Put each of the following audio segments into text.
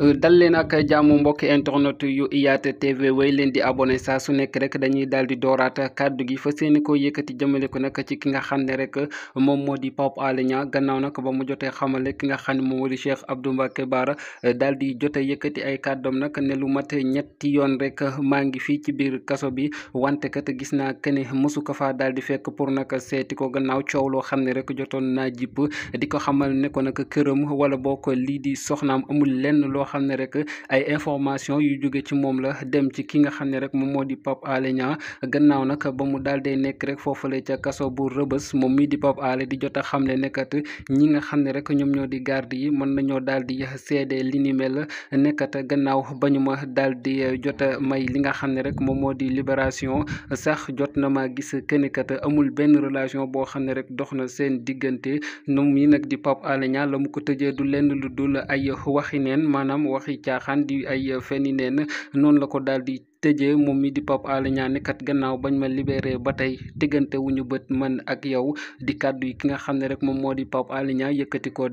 Euh, dal leen ak jàmm mbokki internet yu IYAT TV way leen di abonné saa su nekk rek dañuy daal di dooraat kàddu gi fa seeni ko yëkkati jëmale ko nag ci ki nga xam ne rek moom moo di Pape Alé Niang gannaaw nag ba mu jotee xamale ki nga xam ne moom moo di Cheikh Abdou Mbacké Bara daal di jotee yëkkati ay kàddoom nag ne lu mat ñetti yoon rek maa ngi fii ci biir kaso bi wante kat gis naa kene mosu ko faa daal di fekk pour nag seeti ko gannaaw coow loo xam ne rek jotoon naa jipp di ko xamal ne ko nag këram wala boo ko lii di soxnaam amul lenn xam ne rek ay information yu jóge ci moom la dem ci ki nga xam ne rek moom moo di Pape Alé Niang gannaaw nag ba mu daal day nekk rek foofale ca kaso bu rëbës moom mii di Pape Alé di jot a xam ne nekkat ñi nga xam ne rek ñoom ñoo di garde yi mën nañoo daal di seede li ni mel nekkat gannaaw ba ñu ma daal di jot a may li nga xam ne rek moom moo di libération sax jot na ma gis kennikat amul benn relation boo xam ne rek dox na seen diggante ñoom yi nag di Pape Alé la mu ko tëjee du lenn lu dul ay waxi neen maanaam maanaam waxi caaxaan di ay fenni neen noonu la ko daal di tëjee moom mi di Pape Alé Niang kat gannaaw bañ ma libéré ba tey diggante wu ñu bët man ak yow di kàddu yi ki nga xam ne rek moom moo di Pape Alé Niang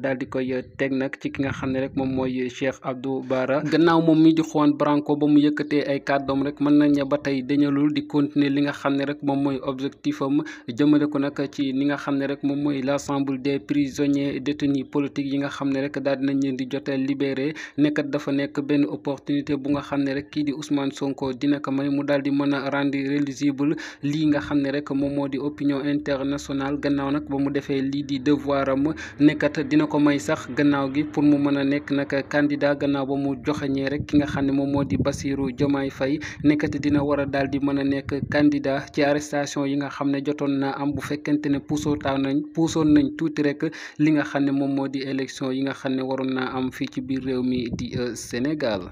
daal di koy teg nag ci ki nga xam ne rek moom mooy Cheikh Abdou Bara gannaaw moom mi di Juan Branco ba mu yëkkatee ay kàddoom rek mën nañ ba tey dañalul di continuer li nga xam ne rek moom mooy objectif am jëmale ko nag ci ni nga xam ne rek moom mooy l'ensemble des prisonniers détenus politiques yi nga xam ne rek daal dinañ leen di jotee libéré nekkat dafa nekk benn opportunité bu nga xam ne rek kii di Ousmane Sonko dina ko may mu daal di mën a rendre réligible lii nga xam ne rek moom moo di opinion internationale gannaaw nag ba mu defee lii di devoir am nekkat dina ko may sax gannaaw gi pour mu mën a nekk nag candidat gannaaw ba mu joxeñee rek ki nga xam ne moom moo di Bassirou Diomaye fay nekkat dina war a daal di mën a nekk candidat ci arrestation yi nga xam ne jotoon naa am bu fekkent ne puusootaa nañ puusoon nañ tuuti rek li nga xam ne moom moo di élection yi nga xam ne waroon naa am fii ci biir réew mi di euh, Sénégal